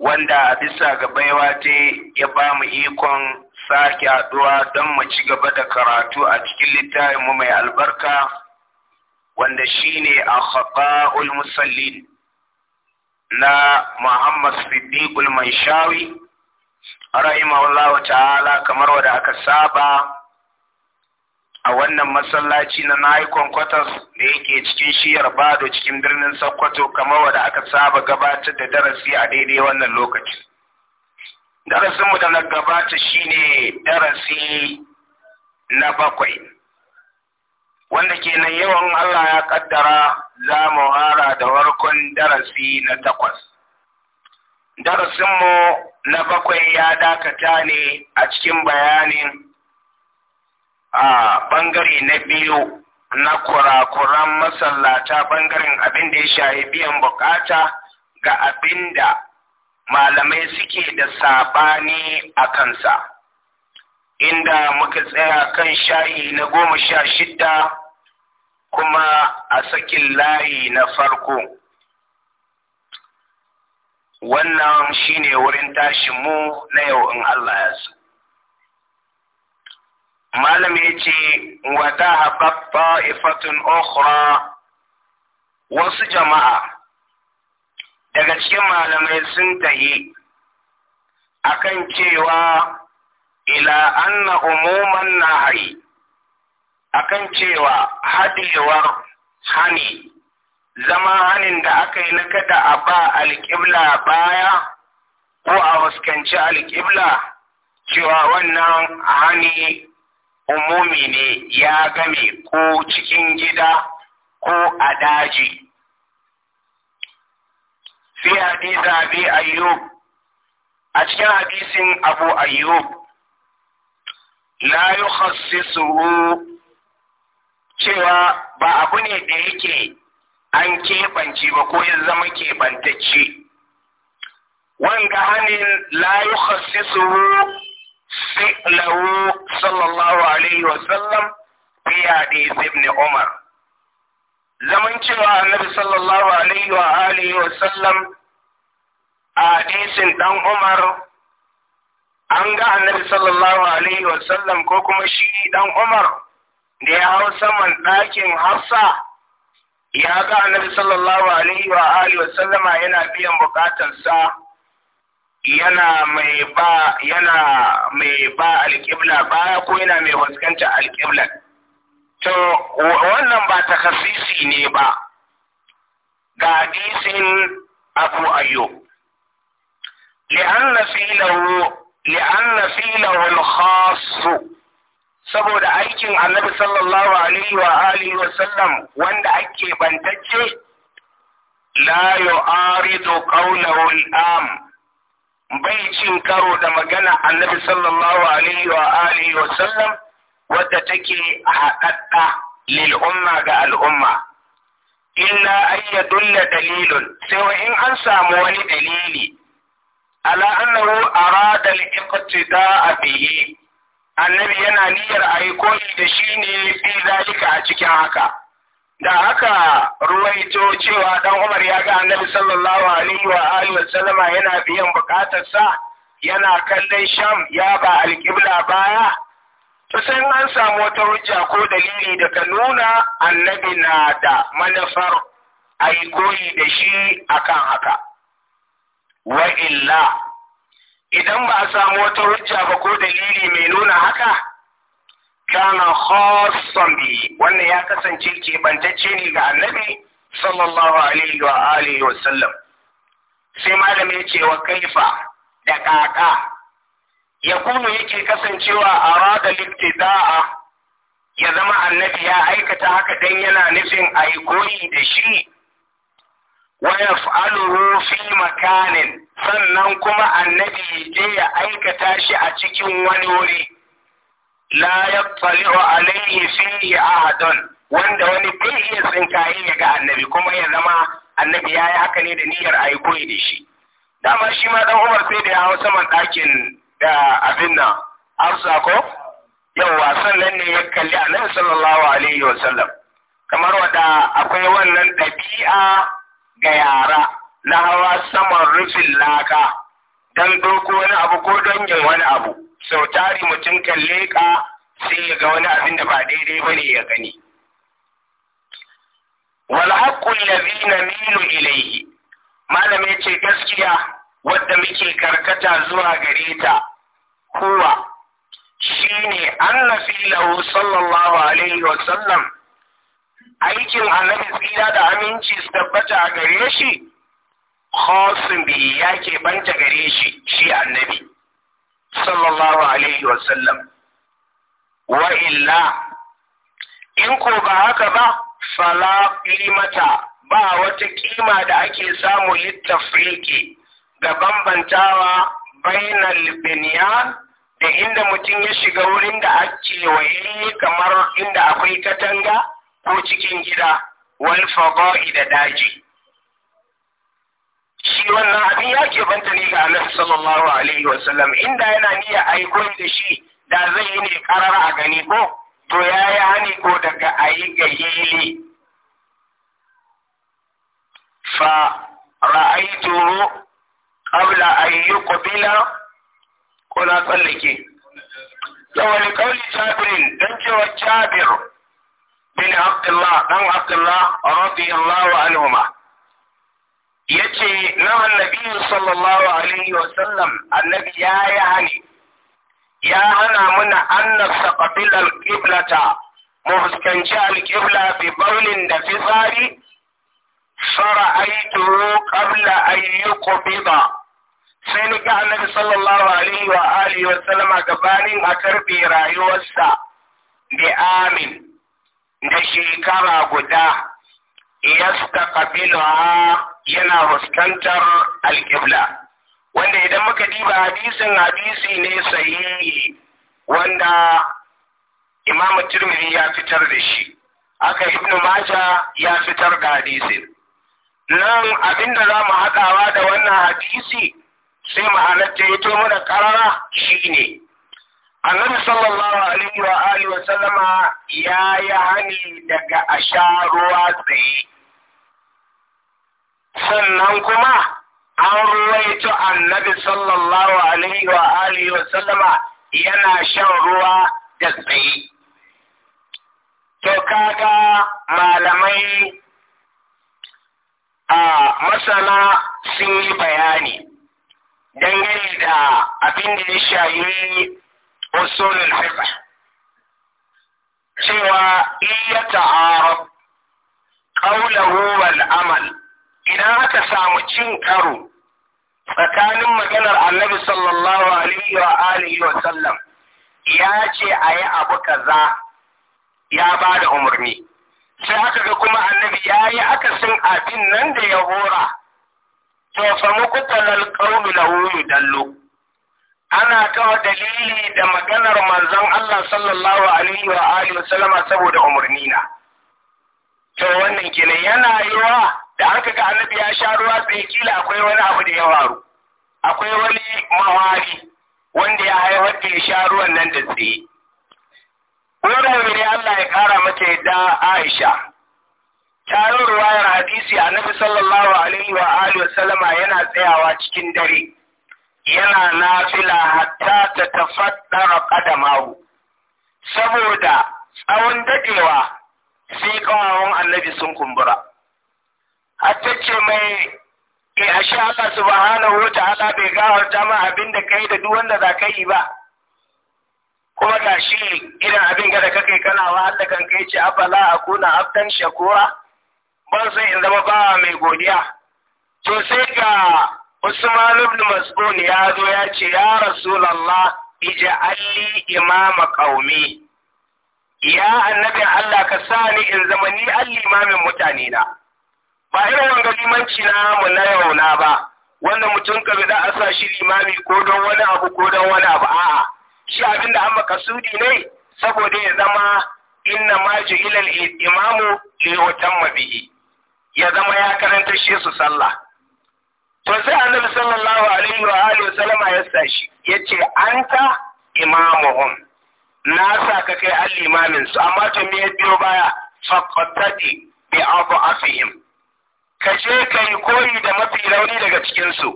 wanda bisa ga baiwa ta ya ba mu ikon sake haɗuwa don mu ci gaba da karatu a cikin littafinmu mai albarka wanda shine a haƙa'ul musallin na Muhammad Siddiqul Manshawi rahimahullahu ta'ala kamar wadda aka saba a wannan masallaci na Nikon Quarters da yake cikin shiyar Bado cikin birnin Sokoto kamar wanda aka saba gabatar da darasi a daidai wannan lokaci. Darasinmu da na gabata shine darasi na bakwai. Wanda kenan yawan Allah ya kaddara za mu hara da warkon darasi na takwas. mu na bakwai ya dakata ne a cikin bayanin a ɓangare na biyu na kurakuran masallata ɓangaren abin da ya shahi biyan bukata ga abin da malamai suke da sabani a kansa inda muka tsaya kan shayi na goma sha shida kuma a sakin layi na farko wannan shine wurin mu na yau in Allah ya so malam ya ce wata haɓaɓɓa ifatun okra wasu jama'a daga cikin malamai sun tahi akan cewa ila anna umuman A akan cewa haɗewar hani zama hanin da aka yi na kada a ba alƙibla baya ko a fuskanci alƙibla cewa wannan hani umumi ne ya game ko cikin gida ko a daji fi hadisa bi ayyub a cikin hadisin abu ayyub la yukhassisuhu cewa ba abu ne da yake an keɓance ba ko ya zama keɓantacce wanga hanin la yukhassisuhu له sallallahu الله عليه وسلم ya حديث ابن Umar, zaman cewa annabi sallallahu alaihi wa alihi wa sallam a hadisin dan Umar an ga annabi sallallahu alaihi wa sallam ko kuma shi dan Umar da ya hau saman ɗakin Hafsa ya ga annabi sallallahu alaihi wa alihi wa sallama yana biyan sa yana mai ba yana mai ba alƙibla baya ko yana mai fuskanta alƙibla to wannan ba ta kasisi ne ba ga hadisin abu ayyub li'anna filahu li'anna filahu al-khass saboda aikin annabi sallallahu alaihi wa alihi wa sallam wanda ake bantacce la yu'aridu qawlahu al-am bai cin karo da magana annabi sallallahu alaihi wa alihi wa sallam wadda take haɗaɗɗa lil umma ga al'umma illa an yadulla dalilun sai wa in an samu wani dalili ala annahu arada al-iqtida'a bihi annabi yana niyyar ayi koyi da shi ne fi zalika a cikin haka da aka ruwaito cewa dan Umar ya ga Annabi sallallahu alaihi wa alihi wa sallama yana biyan bukatarsa yana kallon Sham ya ba alƙibla baya to sai an samu wata hujja ko dalili da ka nuna Annabi na da manufar ai koyi da shi akan haka wa illa idan ba a samu wata hujja ba ko dalili mai nuna haka kana khassan bi wannan ya kasance bantacce ne ga annabi sallallahu alaihi wa alihi wa sallam sai malami ya ce wa kaifa da kaka ya kuma yake kasancewa a rada liktida'a ya zama annabi ya aikata haka dan yana nufin aikoyi da shi wa yaf'aluhu fi makanin sannan kuma annabi je ya aikata shi a cikin wani wuri la yattali'u alayhi fihi ahadun wanda wani bai iya tsinkaye ya ga annabi kuma ya zama annabi ya yi haka ne da niyyar a yi koyi da shi dama shi ma dan umar sai da ya hau saman ɗakin da abin nan hafsa ko wasan sannan ne ya kalli annabi sallallahu alaihi wa sallam kamar wada akwai wannan ɗabi'a ga yara na hawa saman rufin laka don doko wani abu ko don yin wani abu sau tari mutum kan leƙa sai ya ga wani abin da ba daidai ba ne ya gani wal haqqul ladhi ilaihi, malame ce gaskiya wadda muke karkata zuwa gare ta huwa shine annabi lahu sallallahu alaihi wa aikin annabi tsira da aminci su tabbata a gare shi khasin bi ya ke banta gare shi shi annabi sallallahu alaihi sallam wa illa in ko ba haka ba fala mata ba wata kima da ake samu littafriki ga bambantawa bainal binyan da inda mutum ya shiga wurin da ake waye kamar inda akwai katanga ko cikin gida wal fada'i da daji shi wannan abin ya ke banta ne ga Annabi sallallahu alaihi wa sallam inda yana niyya a yi koyi da shi da zai yi ne karar a gani ko to ya yi hani ko daga a yi ga hili fa ra'aituhu qabla an yuqbila ko na tsallake yawon kauli jabirin don cewa jabir bin abdullah dan abdullah radiyallahu anhuma yace na annabi sallallahu alaihi wa sallam annabi ya yi hani ya hana muna an nastaqbil al-qiblata mu fuskanci al-qibla bi bawlin da fitsari fara'aituhu qabla an yuqbida sai ni ga annabi sallallahu alaihi wa alihi wa sallama gabanin a karbe rayuwarsa bi amin da shekara guda yasta yastaqbiluha yana fuskantar alƙibla wanda idan muka diba hadisin hadisi ne sahihi wanda imam tirmidhi ya fitar da shi aka ibnu maja ya fitar da hadisin nan abinda za mu haɗawa da wannan hadisi sai ma'anarta ya to mana ƙarara shi shine annabi sallallahu alaihi wa alihi wa sallama ya yi hani daga asharuwa tsaye sannan kuma an ruwaito annabi sallallahu alaihi wa alihi wa sallama yana shan ruwa da tsaye to kaga malamai a masana sun yi bayani dangane da abin da ya shayi usulul fiqh cewa iya ta'arab qawluhu wal amal idan aka samu cin karo tsakanin maganar annabi sallallahu alaihi wa alihi wa sallam ya ce a yi abu kaza ya ba da umarni sai aka ga kuma annabi ya yi akasin abin nan da ya hora to fa muqtalal qawlu lahu yudallu ana kawo dalili da maganar manzon Allah sallallahu alaihi wa alihi wa sallama saboda umarni na to wannan kenan yana yiwa da aka ga annabi ya sha ruwa tsaye kila akwai wani abu da ya faru akwai wani mawari wanda ya haifar da ya sha ruwan nan da tsaye wani mu'mini Allah ya kara mata yadda Aisha tarin ruwayar hadisi annabi sallallahu alaihi wa alihi wasallama yana tsayawa cikin dare yana nafila hatta ta tafaddara kadamahu saboda tsawon dadewa sai kawawan annabi sun kumbura har ta ce mai ke eh, sha Allah subhanahu wa ta'ala bai gawar ma abin da kai da duk wanda za ka yi ba kuma ga shi irin abin da ka kai kana wa Allah kan kai ce afala akuna abdan shakura ban sai in zama bawa mai godiya to sai ga Usman ibn Mas'ud ya zo ya ce ya Rasulullah ij'alli imama qaumi ya annabin Allah ka sa in zama ni al-imamin mutane na ba irin wanga limanci na mu na yau na ba wanda mutum ka bi da a shi limami ko don wani abu ko don wani abu a'a shi abin da an makasudi ne saboda ya zama inna ma ju'ilal imamu li yutamma bihi ya zama ya karanta shi su sallah to sai annabi sallallahu alaihi wa alihi wa sallama ya sa shi yace anta imamuhum na sa ka kai al-imamin su amma to me ya biyo baya faqatati bi afihim ka je ka yi koyi da mafi rauni daga cikinsu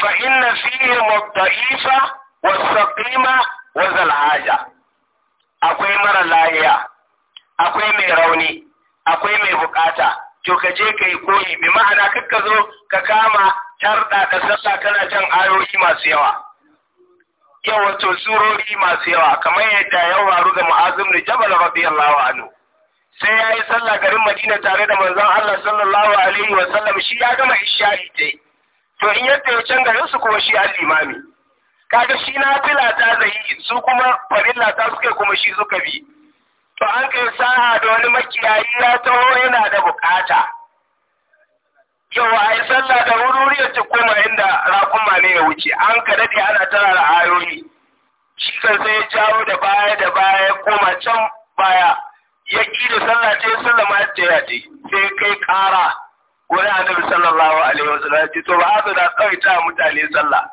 fa inna fihi mudda'ifa wa saqima wa zalhaja akwai mara lahiya akwai mai rauni akwai mai bukata to ka je ka yi koyi bi ma'ana kakka zo ka kama tarda ka sassa kana jan ayoyi masu yawa yawa to surori masu yawa kamar yadda ya faru ga mu'azim da jabal radiyallahu anhu sai ya yi sallah garin Madina tare da manzon Allah sallallahu alaihi wa sallam shi ya gama isha'i ta to in yadda ya can garin su kuma shi an limami kaga shi na fila ta zai su kuma farilla ta suka kuma shi suka bi to an kai sa'a da wani makiyayi ya taho yana da bukata yau a yi sallah da wuri ya ci koma inda rakuma ne ya wuce an ka daɗe ana tara ayoyi shi kan sai ya jawo da baya da baya ya koma can baya ya da sallah ce sallah ma ce ya ce sai kai ƙara wani annabi sallallahu alaihi wasallam ce to ba za da tsawaita mutane sallah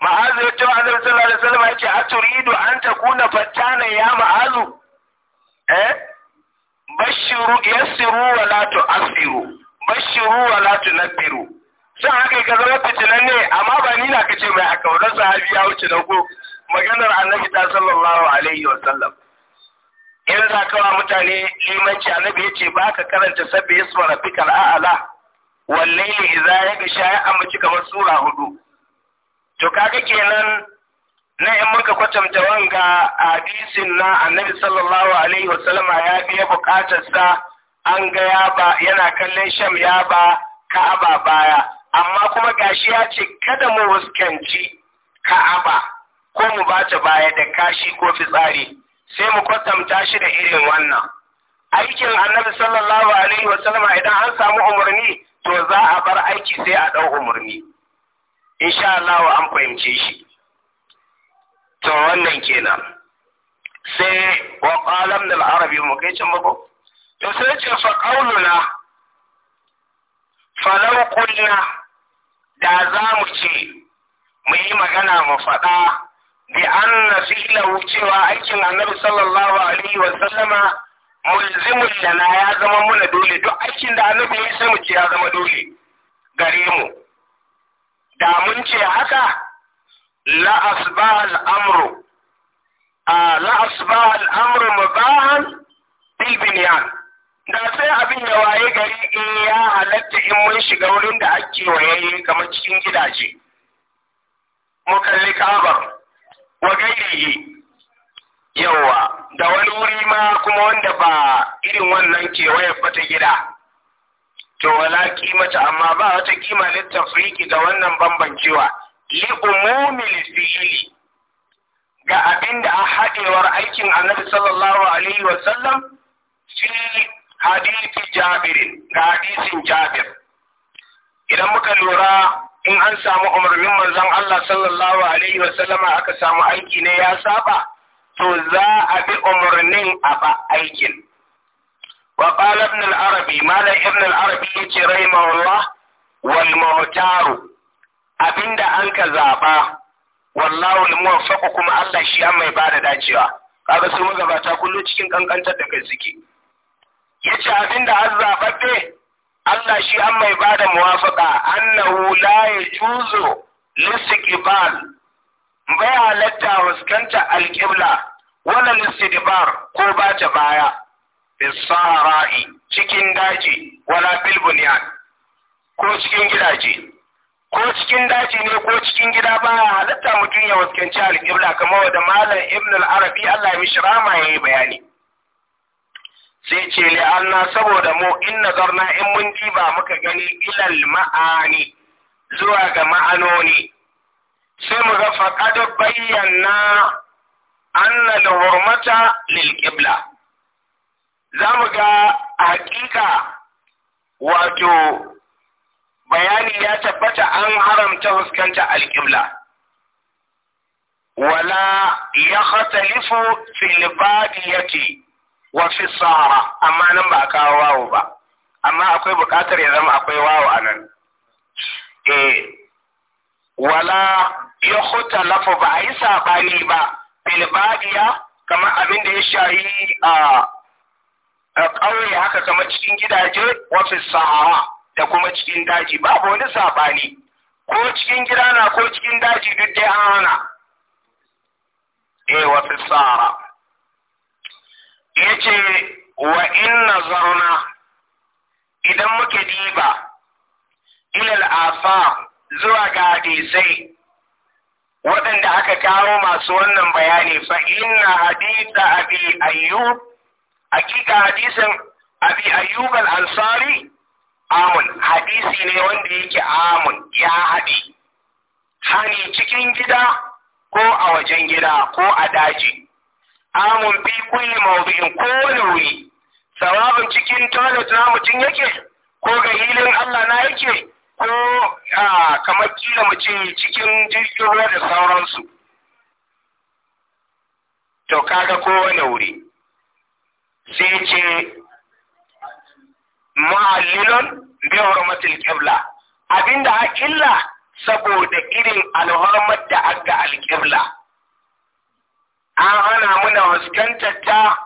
ma'azu ya ce wa annabi sallallahu alaihi wasallam ya ce a turidu an ta takuna fattana ya ma'azu eh bashiru yassiru wa la tu'assiru bashiru wa la tunabbiru sai haka ka zama fitinan ne amma ba ni na kace mai haka wannan sahabi ya wuce da ko maganar annabi ta sallallahu alaihi wasallam in za ka wa mutane limanci annabi ya ce ba ka karanta sabbi isma rabbikal a'ala wallahi idza ya gisha ya amince kamar sura hudu to kaga kenan na in muka kwatanta wanga hadisin na annabi sallallahu alaihi wasallam ya biya bukatar sa an ga ya ba yana kallon sham ya ba ka'aba baya amma kuma gashi ya ce kada mu wuskanci ka'aba ko mu bata baya da kashi ko fitsari sai mu kwatanta shi da irin wannan aikin annabi sallallahu alaihi wa sallama idan an samu umarni to za a bar aiki sai a dau umarni insha Allah an fahimce shi to wannan kenan sai wa qala min al-arabi mu kai can mako to sai ce fa qauluna law qulna da za mu ce mu yi magana mu faɗa bi anna fi'lahu cewa aikin annabi sallallahu alaihi wa sallama mulzimun lana ya zama muna dole duk aikin da annabi ya sai mu ce ya zama dole gare mu da mun ce haka la asbaha al-amru la asbaha al-amru mubahan bil binyan da sai abin ya waye gari in eh, ya halatta in mun shiga wurin da ake wayaye kamar cikin gidaje mu kalli kabar wa gairihi yawa da wani wuri ma kuma wanda ba irin wannan kewaye fata gida to wala kimata amma ba wata kima littafriki da wannan bambancewa li fi'ili ga abinda a haɗewar aikin annabi sallallahu alaihi wa sallam fi hadisi jabirin ga hadisin jabir idan muka lura in an samu umarnin manzon Allah sallallahu alaihi wa sallama aka samu aiki ne ya saba to za a bi umarnin a ba aikin wa qala ibn al-arabi malam ibn al-arabi yace rahimahullah wal abinda an ka zaba wallahu al-muwaffaq kuma Allah shi an mai bada dacewa kaga su magabata kullu cikin kankantar da kai suke yace abinda an zababbe Allah shi an mai ba da muwafaka annahu la yajuzu listiqbal bai halatta fuskanta alqibla wala lisidbar ko ba ta baya bisara'i cikin daji wala bil bunyan ko cikin gidaje ko cikin daji ne ko cikin gida ba halatta mutum ya fuskanci alqibla kamar wadda malam ibn al-arabi Allah ya mishrama yayi bayani sai ce anna saboda mu in nazarna in mun diba muka gani ilal ma'ani zuwa ga ma'anoni sai mu ga faqad bayyana anna al-hurmata lil qibla zamu ga hakika wato bayani ya tabbata an haramta fuskanta al-qibla wala yakhtalifu fil badiyati wa fi sahara amma nan ba a kawo wawo ba amma akwai buƙatar ya zama akwai wawo a nan eh wala ya huta lafa ba a yi sabani ba bilbadiya kamar abin da ya shayi a ƙauye haka kamar cikin gidaje fi sahara da kuma cikin daji babu wani sabani ko cikin gida na ko cikin daji duk dai an hana eh sahara ya ce wa in nazarna idan muke diba ilal afa zuwa ga hadisai waɗanda aka kawo masu wannan bayani fa inna hadisa abi ayyub hakika hadisin abi ayyub al-ansari amun hadisi ne wanda yake amun ya haɗi hani cikin gida ko a wajen gida ko a daji amun fi kulli mawdu'in wani wuri sawabin cikin toilet na mutum yake ko ga hilin Allah na yake ko a kamar kila mutum cikin jirgin ruwa da sauransu to kaga ko wani wuri sai ce ma'allilon bi hurmatil qibla abinda a illa saboda irin alhormar da aka alƙibla an hana muna fuskantar ta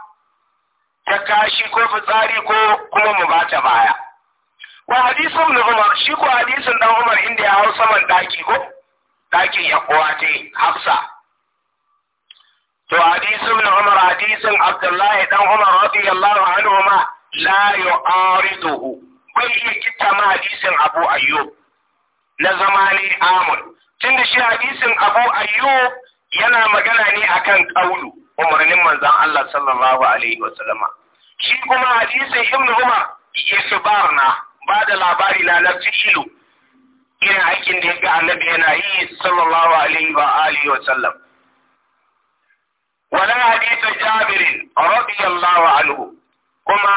ta kashi ko fitsari ko kuma mu ba ta baya wa hadisun na umar shi ko hadisun dan umar inda ya hau saman daki ko dakin ya kowa ta hafsa to hadisun na umar hadisun abdullahi dan umar wa hannu ma la yu'ariduhu bai iya kitta ma hadisun abu ayyub na zamanin Tun tunda shi hadisun abu ayyub yana magana ne akan kaulu umarnin manzon Allah sallallahu alaihi wasallama shi kuma hadisin ibn Umar na ba da labari na nafilu irin aikin da yake annabi yana yi sallallahu alaihi wa alihi wa sallam wala hadisa jabir radiyallahu anhu kuma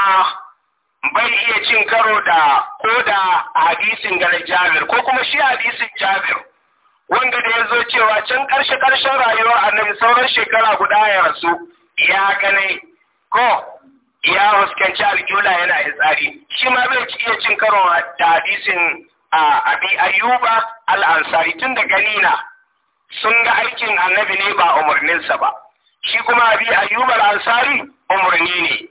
bai iya cin karo da ko da hadisin ga jabir ko kuma shi hadisin jabir wanda da ya zo cewa can ƙarshe karshen rayuwa annabi sauran shekara guda ya rasu ya gane ko ya huskanci alƙula yana tsari. shi ma bai iya cin karo da hadisin a abi ayyuba al'ansari tun da ganina sun ga aikin annabi ne ba umarninsa ba shi kuma abi ayyuba al'ansari umarni ne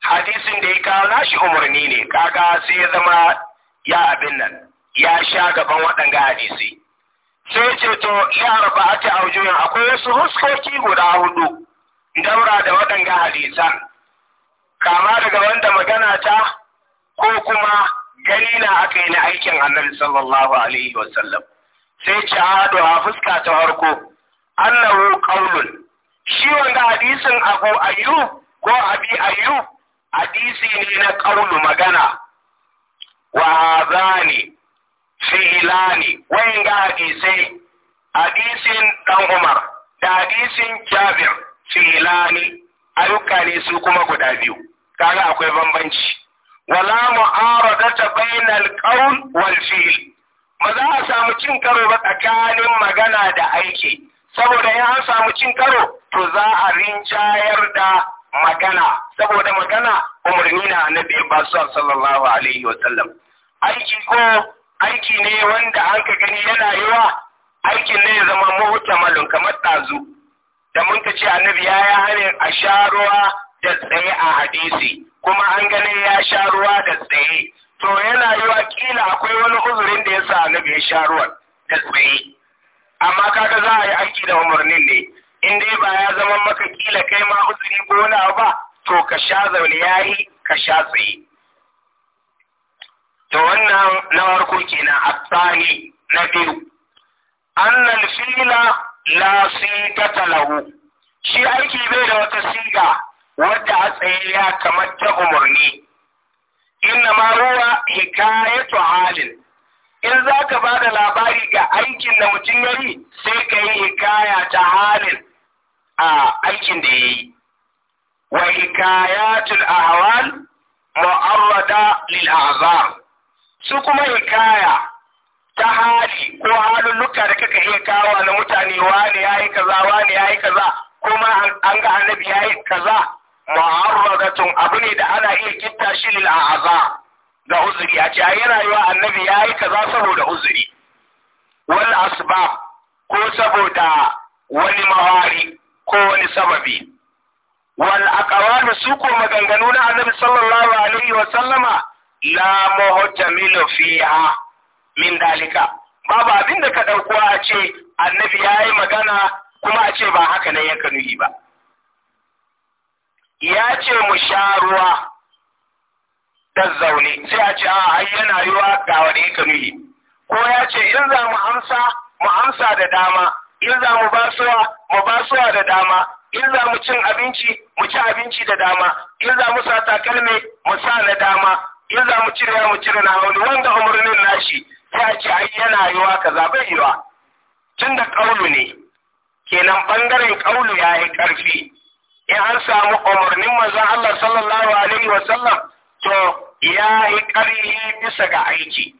hadisin da ya kawo nashi umarni ne kaga sai ya zama ya abin nan ya sha gaban waɗanga hadisi sai ce to ya rafa a ta aujuyin akwai wasu huskoki guda hudu daura da waɗanga hadisan kama daga wanda magana ta ko kuma gani na aka yi na aikin annabi sallallahu alaihi wasallam sai ce a fuska ta farko annahu qaulun shi wanda hadisin abu ayu ko abi ayu hadisi ne na qaulu magana wa ne fi'ilani wayan ga hadisai hadisin dan Umar da hadisin Jabir ne ayyuka ne su kuma guda biyu kaga akwai bambanci wala mu'aradata bainal qawl wal fi'l ba za a samu cin karo ba tsakanin magana da aiki saboda ya samu cin karo to za a rinjayar da magana saboda magana umarni na annabi ba sallallahu alaihi wa sallam aiki ko aiki ne wanda an ka gani yana yawa aikin ne ya zama muhtamalun kamar tazu da mun ka ce annabi ya yi a sha ruwa da tsaye a hadisi kuma an ganin ya sha ruwa da tsaye to yana yawa kila akwai wani uzurin da ya sa annabi ya sha ruwan da tsaye amma kaga za a yi aiki da umarnin ne in dai ba ya zama maka kila kai ma uzuri ko wani abu ba to ka sha zaune ya yi, ka sha tsaye to wannan na farko kenan asali na biyu annal fila la sigata lahu shi aiki bai da wata siga wadda a tsaye ya kamar ta umarni inna ma ruwa hikayatu halin in za ka ba da labari ga aikin da mutum ya sai ka yi hikaya ta halin a aikin da ya yi wa hikayatul ahwal mu'arrada lil azam su kuma hikaya ta hali ko halin luka da kaka iya kawo na mutane wani ya yi kaza wani ya yi kaza kuma an ga annabi ya yi kaza zaton abu ne da ana iya kitta shi a a'aza ga uzuri a ce ayi rayuwa annabi ya yi kaza saboda uzuri Wani asbab ko saboda wani mawari ko wani sababi Wani akawani su ko maganganu na annabi sallallahu alaihi wa sallama la muhtamilu fiha min dalika babu abin da ka dauko a ce annabi ya yi magana kuma a ce ba haka na yanka nuhi ba ya ce mu sha ruwa da zaune sai a ce a ai yana yiwa ga wani yanka nuhi ko ya ce in za mu amsa mu amsa da dama in za mu basuwa mu basuwa da dama in za mu cin abinci mu ci abinci da dama in za mu sa takalmi mu sa na dama in za mu cire mu cire na wani wanda umarnin nashi ya ce ai yana yiwa kaza bai yiwa tun da ƙaulu ne kenan bangaren ƙaulu ya yi ƙarfi in an samu umarnin manzon Allah sallallahu alaihi wa sallam to ya yi ƙarfi bisa ga aiki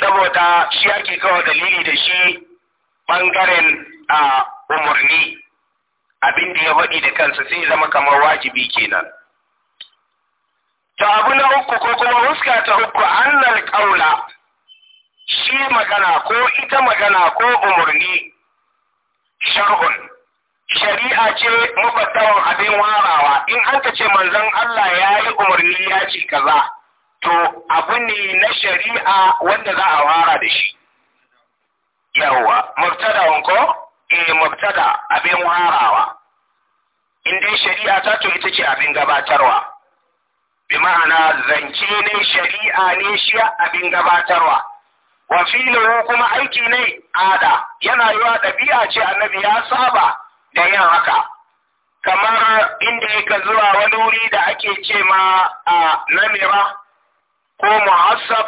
saboda shi ake kawo dalili da shi bangaren umarni abin da ya faɗi da kansa sai zama kamar wajibi kenan. To abu na uku ko kuma huska ta uku annal kaula shi magana ko ita magana ko umarni shar'un shari'a ce mafattawan abin warawa in an ka ce manzon Allah ya yi umarni ya ce kaza to abu ne na shari'a wanda za a wara da shi yawwa eh, mubtada wanko eh abin warawa in dai shari'a ta to ita ce abin gabatarwa bi ma'ana zance ne shari'a ne shi abin gabatarwa wa filo kuma aiki ne ada yana yiwa ɗabi'a ce annabi ya saba da yin haka kamar inda yake zuwa wani wuri da ake ce ma a namira ko muhassab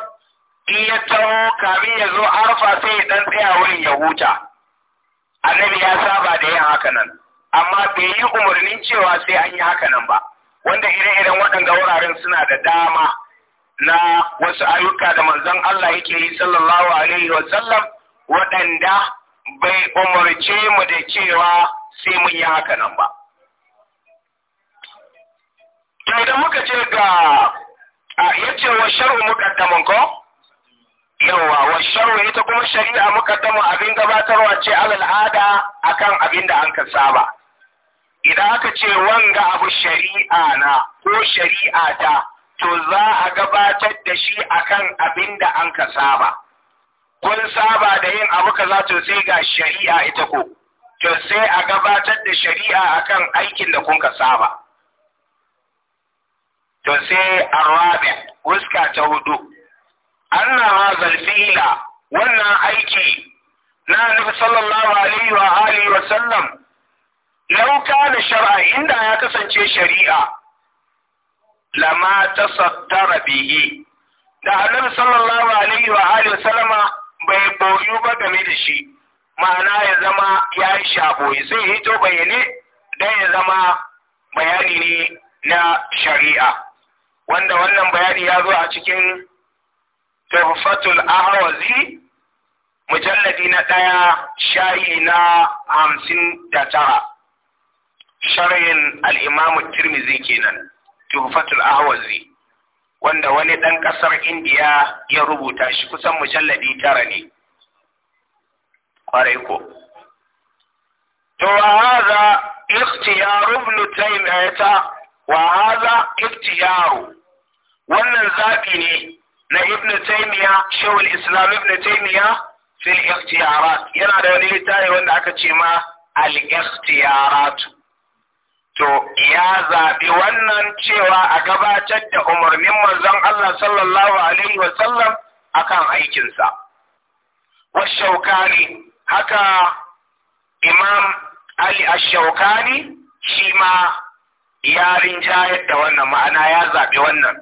in ya taho kamin ya zo arfa sai ya dan tsaya wurin ya huta annabi ya saba da yin haka nan amma bai yi umarnin cewa sai an yi haka nan ba wanda ire-iren waɗanda wuraren suna da dama na wasu ayyuka da manzon Allah yake yi sallallahu alaihi wa sallam waɗanda bai umarce mu da cewa sai mun yi haka nan ba. To idan muka ce ga a yace wa shar'u muqaddamun ko? yawa, wa shar'u ita kuma shari'a muqaddamun abin gabatarwa ce alal ada akan abin da an ka saba. idan aka ce wanga abu shari'a na ko shari'a ta to za a gabatar da shi akan abin da an ka saba kun saba da yin abu kaza to sai ga shari'a ita ko to sai a gabatar da shari'a akan aikin da kun ka saba to sai arabi wuska ta hudu anna hazal fi'la wannan aiki na annabi sallallahu alaihi wa alihi wa sallam lauka da shar'a inda ya kasance shari'a lama ta saddara bihi da annabi sallallahu alaihi wa alihi salama bai boyu ba game da shi ma'ana ya zama ya yi shaboyi sai hito bayyane don ya zama bayani ne na shari'a wanda wannan bayani ya zo a cikin tuhfatul ahwazi mujalladi na ɗaya shayi na hamsin da tara sharayin al'imamu tirmizi kenan tuhfatul ahwazi wanda wani ɗan ƙasar indiya ya rubuta shi kusan mujalladi tara ne ƙwarai ko to wa haza ikhtiyaru ibn taymiyata wa haza ikhtiyaru wannan zaɓi ne na ibn taymiya shawul islam ibn taymiya fil ikhtiyarat yana da wani littafi wanda aka ce ma al to ya zaɓi wannan cewa a gabatar da umarnin manzon Allah sallallahu alaihi wa sallam akan aikinsa. Washaukani haka Imam Ali Ashaukani shi ma ya rinjayar da wannan ma'ana ya zaɓi wannan.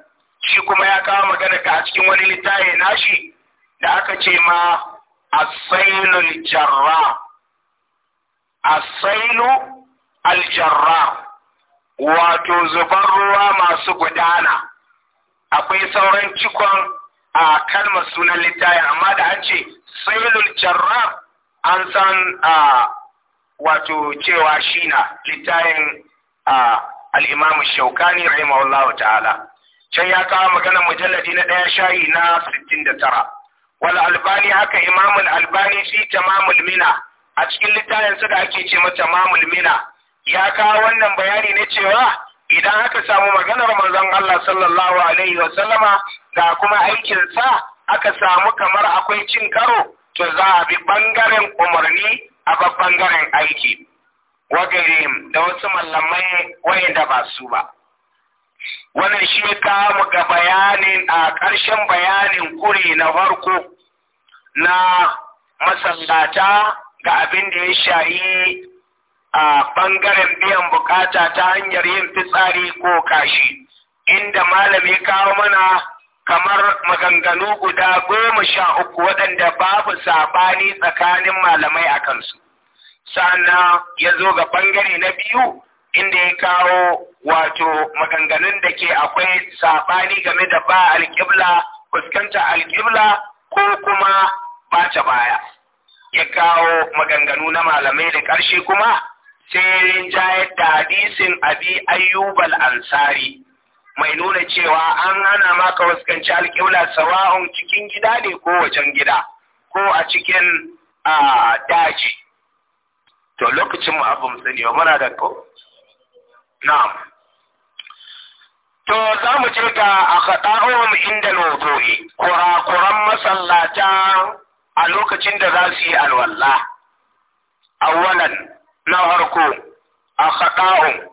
Shi kuma ya kawo magana ka a cikin wani littafi nashi da aka ce ma asailul jarra. Al-Jarrah. wato zubar ruwa masu gudana akwai sauran cikon a kalmar sunan littaya amma da an ce sailul jarrab an san a wato cewa shi na littayin al'imam shaukani rahimahullah ta'ala can ya kawo maganar mujalladi na ɗaya shayi na 69 wal albani haka imamul albani fi tamamul mina a cikin su da ake ce mata mamul mina ya kawo wannan bayani na cewa idan aka samu maganar manzon Allah sallallahu alaihi wa sallama da kuma aikin sa aka samu kamar akwai cin karo to za a bi bangaren umarni a ba bangaren aiki wagarim da wasu mallamai wayanda ba su ba wannan shi ya kawo ga bayanin a ƙarshen bayanin kure na farko na masallata ga abin da ya shayi a ɓangaren biyan bukata ta hanyar yin fitsari ko kashi inda malami kawo mana kamar maganganu guda goma sha uku waɗanda babu saɓani tsakanin malamai a kansu sannan ya zo ga ɓangare na biyu inda ya kawo wato maganganun da ke akwai saɓani game da ba alƙibla fuskanta alƙibla ko kuma ta baya ya kawo maganganu na malamai da ƙarshe kuma sai ya rinjayar da hadisin abi ayyubal ansari mai nuna cewa an hana maka waskanci alƙibla sawa'un cikin gida ne ko wajen gida ko a cikin daji to lokacin mu abu sani wa muna da ko na'am to za mu je ga a kaɗa'uhum inda lozo'i kurakuran masallata a lokacin da za su yi alwallah awwalan na farko, a haɗa'un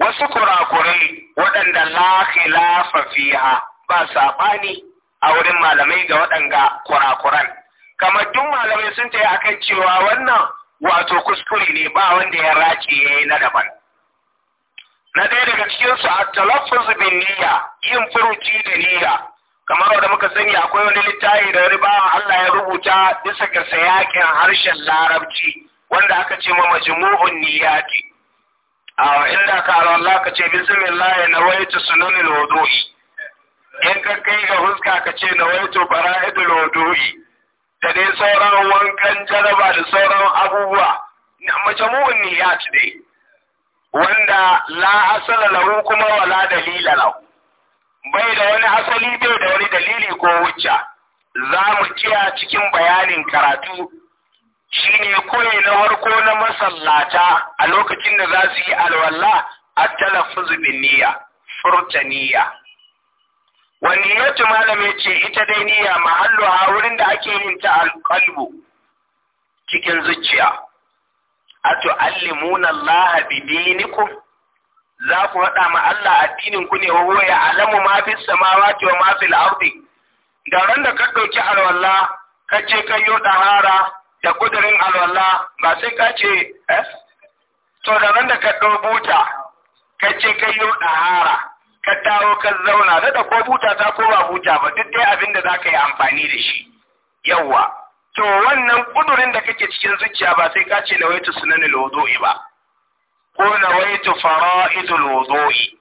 wasu kurakurai waɗanda la khilafa fiha ba saɓani a wurin malamai ga waɗanga kurakuran kamar duk malamai sun ta yi akan cewa wannan wato kuskure ne ba wanda ya race ya yi na daban na ɗaya daga cikinsu a talaffuz bin niyya yin furuci da niyya kamar wanda muka sani akwai wani littafi da wani bawan Allah ya rubuta bisa ga sayakin harshen larabci wanda aka ce ma majmu'un niyyati a inda ka Allah ka ce bismillah nawaitu sunanul wudu'i in ka kai ga huska ka ce na waitu fara'idul wudu'i da dai sauran wankan jaraba da sauran abubuwa na majmu'un niyyat dai wanda la asala lahu kuma wala dalila lahu bai da wani asali bai da wani dalili ko hujja za mu kiya cikin bayanin karatu shi ne koyi na farko na masallata a lokacin da za su yi alwala a talaffuz bin niyya furta niyya wa malam ce ita dai niyya mahallu a wurin da ake yin ta alƙalbu cikin zuciya allimuna Allah bi dinikum za ku faɗa ma Allah addinin ku ne wa ya alamu ma fi samawati wa ma fil da ran da ka ɗauki alwala ka ce kan yi dahara da kudurin alwala ba sai ka ce eh to da nan da ka buta ka ce ka yi ɗahara ka dawo ka zauna da da ko buta ta ko ba buta ba duk dai abin da za ka yi amfani da shi yawwa to wannan ƙudurin da kake cikin zuciya ba sai ka ce nawaitu sunanul wudu'i ba ko nawaitu fara'idul wudu'i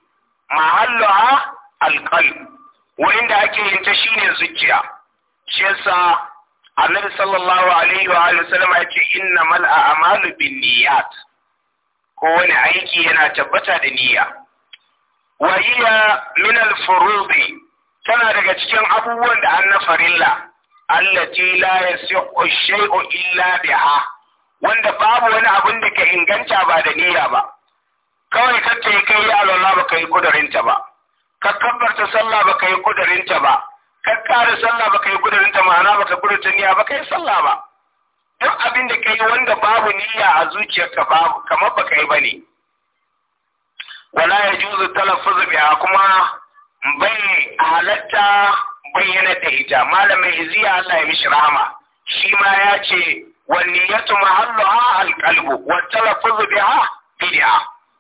mahalluha alqalb wurin da ake yin ta shine zuciya shi yasa annabi sallallahu alaihi wa alihi wasallam ya ce inna mal a'malu bin niyyat ko wani aiki yana tabbata da niyya wa hiya min al tana daga cikin abubuwan da an na farilla allati la yasihu shay'u illa biha wanda babu wani abun da ka inganta ba da niyya ba kawai kacce kai ya Allah ba kai kudarinta ba ka kabbarta sallah ba yi kudarinta ba ka sallah ba yi gudurin ta ma'ana ba ka ta niyya ba yi sallah ba duk abin da ka wanda babu niyya a zuciyarka babu kamar baka yi ba ne wala ya juzu talaffuz bi kuma bai halatta bayyana da ita malamin iziya Allah ya mishi rahama shi ma ya ce wal niyyatu mahalluha al qalbu wa talaffuz biha bid'a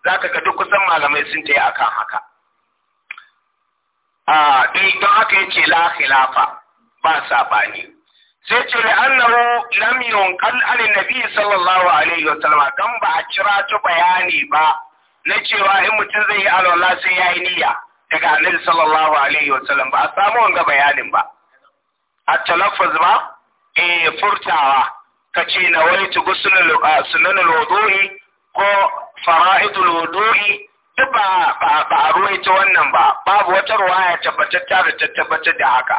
zaka ga duk kusan malamai sun yi akan haka a dai eh, don haka yace la khilafa ba sabani sai ce da annahu lam yunqal an nabi sallallahu alaihi wasallam dan ba a kira ta bayani ba na cewa in mutum zai yi alwala sai ya yi niyya daga annabi sallallahu alaihi wasallam ba a samu wanga bayanin ba a talaffuz ba e furtawa kace nawaitu ghusl ah, sunan al-wudu'i ko fara'idul wudu'i duk ba ba a ta wannan ba babu wata ruwaya tabbatatta da ta da haka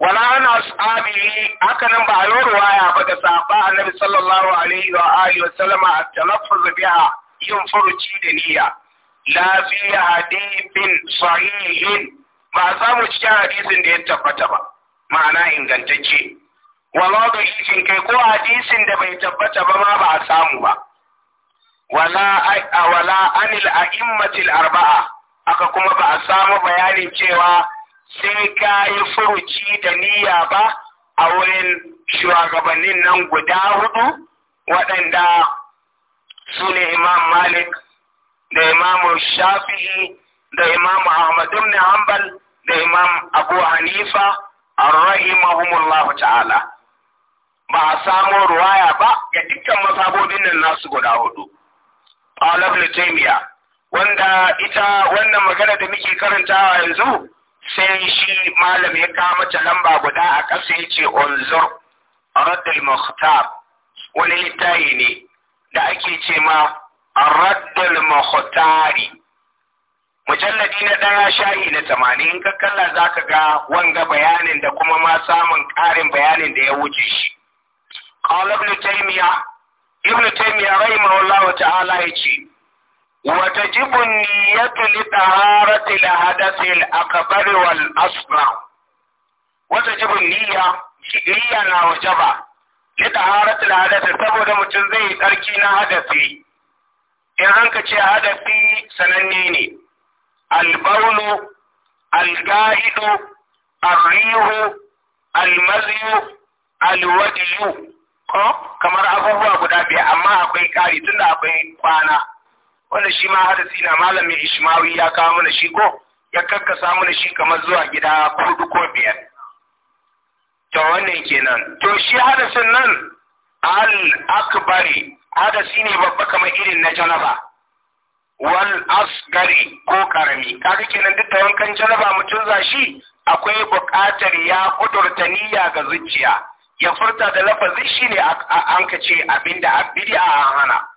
wala ana ashabi haka nan ba a ruwaya ba da sahaba annabi sallallahu alaihi wa alihi wa sallama at-talaffuz biha yin furuci da niyya la fi hadithin sahihin ba samu cikin hadisin da ya tabbata ba ma'ana ingantacce wala da kai ko hadisin da bai tabbata ba ma ba a samu ba wala wala anil a'immatil arba'a aka kuma ba a samu bayanin cewa sai ka yi furuci da niyya ba a wurin shugabannin nan guda hudu waɗanda su ne imam malik da imam shafi'i da imam ahmad ibn hanbal da imam abu hanifa rahimahumullahu ta'ala ba a samu ruwaya ba ga dukkan masabobin nan nasu guda hudu قال ابن تيمية wanda ita wannan magana da muke karantawa yanzu sai shi malam ya kawo mata lamba guda a ƙasa ya ce onzor raddul muhtar wani littayi ne da ake ce ma raddul muhtari mujalladi na ɗaya shahi na tamanin ka kalla za ka ga wanga bayanin da kuma ma samun ƙarin bayanin da ya wuce shi قال ابن ibn taymiya rahimahullah ta'ala yace wa tajibu niyyatu li taharati al hadath al akbar wal asghar wa tajibu niyya niyya na wajaba li taharati al hadath saboda mutum zai tsarki na hadathi in an ka ce sananne ne al al ga'idu al rihu al mazyu al ko kamar abubuwa guda biyar, amma akwai ƙari tunda akwai kwana wanda shi ma hadisi na malamin ishmawi ya kawo mana shi ko ya karkasa mana shi kamar zuwa gida hudu ko biyar to wannan kenan to shi hadisin nan al akbari hadisi ne babba kamar irin na janaba wal asgari ko karami kaga kenan duk da wankan janaba mutum za shi akwai buƙatar ya kudurta niyya ga zuciya ya furta da lafazi shi ne an ka ce abinda abidi a hana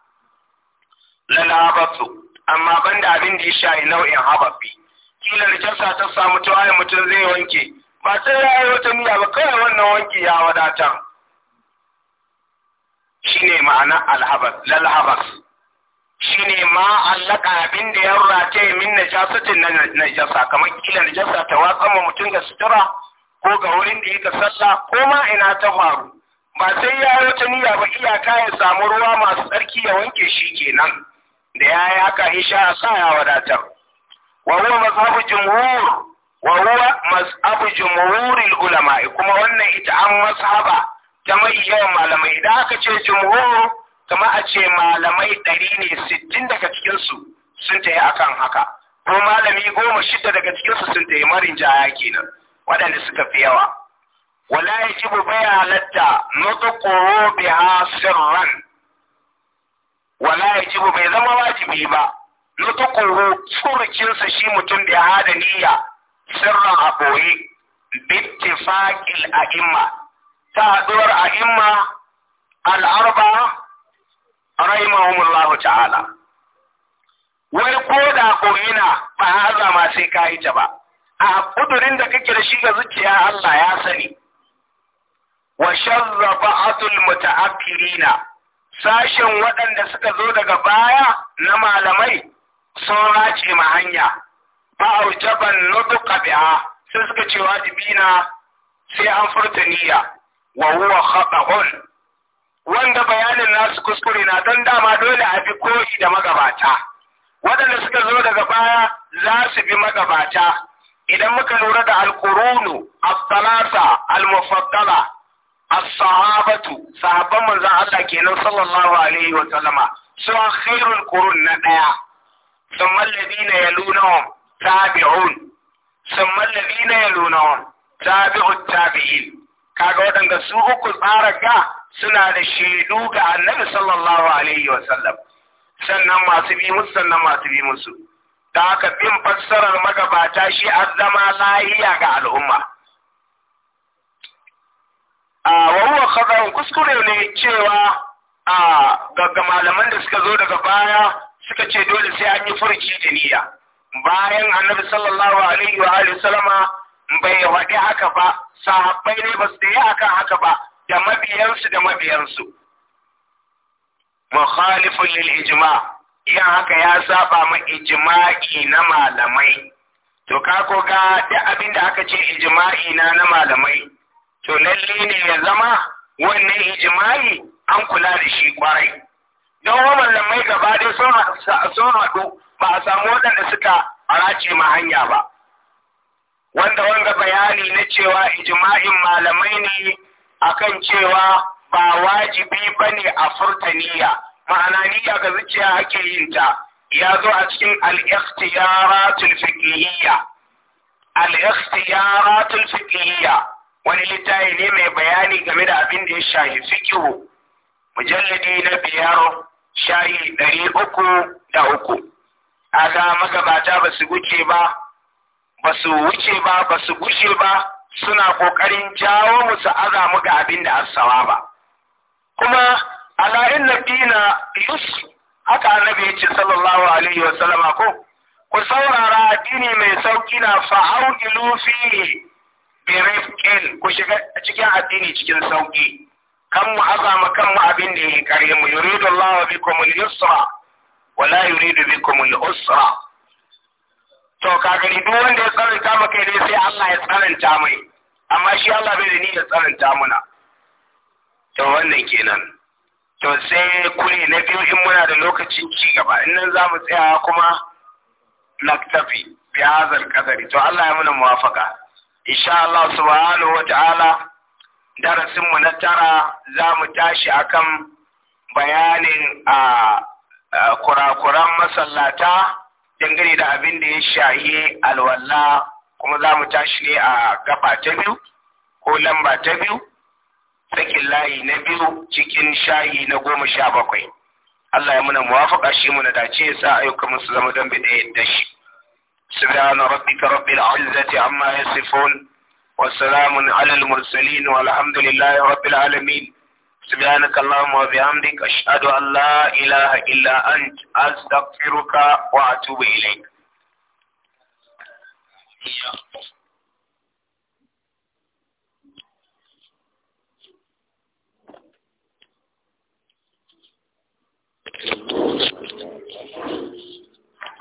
lalabatsu amma banda abin da ya shayi nau'in habafi kila jasa ta samu tawaye mutum zai wanke ba sai ya yi wata niyya ba kawai wannan wanki ya wadata Shi ne ma'ana alhabas lalhabas ne ma allaka abin da ya rataye min najasatin na najasa kamar kila jasa ta watsa mutum ga sutura ko ga wurin da yake sassa ko ma ina ta faru ba sai ya wata niyya ba iyaka ya samu ruwa masu tsarki ya wanke shi kenan da ya yi haka isha sa ya wadatar wa huwa mazhabu jumhur wa huwa mazhabu jumhuril ulama kuma wannan ita an mazhaba ta mai yawan malamai idan aka ce jumhur kuma a ce malamai ɗari ne sittin daga cikinsu sun ta akan haka ko malami goma shida daga cikinsu sun ta yi marin jaya kenan waɗanda suka fi yawa wala yajibu bai koro nutqu biha sirran wala yajibu bai zama wajibi ba nutqu koro sa shi mutum da ya hada niyya sirran a boye bittifaqil a'imma ta haduwar a'imma al-arba rahimahumullahu ta'ala wai ko da ko ba haza ma sai kai ta ba a kudurin da kake da shi ga zuciya Allah ya sani wa sharra ba'atul muta'akkirina sashen waɗanda suka zo daga baya na malamai sun race ma hanya ban nutu bi'a sai suka ce na sai an furta niyya wa huwa khata'un wanda bayanin nasu kuskure na don dama dole a bi koyi da magabata waɗanda suka zo daga baya za su bi magabata idan muka lura da alkurunu as-salasa al-mufaddala as-sahabatu sahabban manzon Allah kenan sallallahu alaihi wa sallama su an khairul kurun na daya mallabi na yalunhum tabi'un thumma alladhina yalunhum tabi'ut tabi'in kaga waɗanda su uku tsara ga suna da shaidu ga annabi sallallahu alaihi wa sallam sannan masu bi musu sannan masu bi musu ta haka bin fassarar magabata shi an zama lahiya ga al'umma. A wawuwa kazan kuskure ne cewa a malaman da suka zo daga baya suka ce dole sai an yi furci da niyya. Bayan annabi sallallahu alaihi wa alihi salama bai waɗe haka ba, sahabbai ne ba su yi akan haka ba, da mabiyansu da mabiyansu. Mukhalifun lil ijma' idan haka ya saba ma ijma'i na malamai to ka ko ga da abin da aka ce ijma'i na na malamai to lalle ne ya zama wannan Ijima'i? an kula da shi kwarai don wa malamai gaba dai sun haɗu ba a samu waɗanda suka arace ma hanya ba wanda wanga bayani na cewa ijima'in malamai ne akan cewa ba wajibi bane a furta niyya ma'ananiya ga zuciya ake yin ta ya zo a cikin al’ikhtiyaratul fiqhiyya al’ikhtiyaratul fiqhiyya wani littafi ne mai bayani game da abin da ya shafi fiqh mujalladi na biyar shayi ɗari uku da uku aga magabata ba su wuce ba ba su wuce ba ba su gushe ba suna ƙoƙarin jawo mu su ga abin da asawa ba kuma ala inna dina yusr haka annabi ce sallallahu alaihi wa sallama ko ku saurara addini mai sauki na fa'audilu fihi bi rifqin ku shiga cikin addini cikin sauki kan mu azama kan mu abin da yake kare mu yuridu Allah bikum al-yusra wa la yuridu bikum al-usra to ka gani duk wanda ya tsananta maka ne sai Allah ya tsananta mai amma shi Allah bai da ni ya tsananta muna to wannan kenan to sai kuri na biyu in muna da lokacin ci gaba in nan za mu tsaya kuma tafi bi hazar kadari to Allah ya muna muwafaka insha Allah subhanahu wataala darasin mu na tara za mu tashi akan bayanin a kurakuran masallata dangane da abin da ya shahi alwala kuma za mu tashi ne a gaba ta biyu ko lamba ta biyu sakin layi na biyu cikin shayi na goma sha bakwai Allah ya muna muwafaka shi muna dace ya sa ayyukan su zama don bide da shi subhana rabbika rabbil izzati amma yasifun wa salamun alal mursalin walhamdulillahi rabbil alamin سبحانك اللهم وبحمدك أشهد أن لا إله إلا أنت أستغفرك وأتوب إليك. Thank you.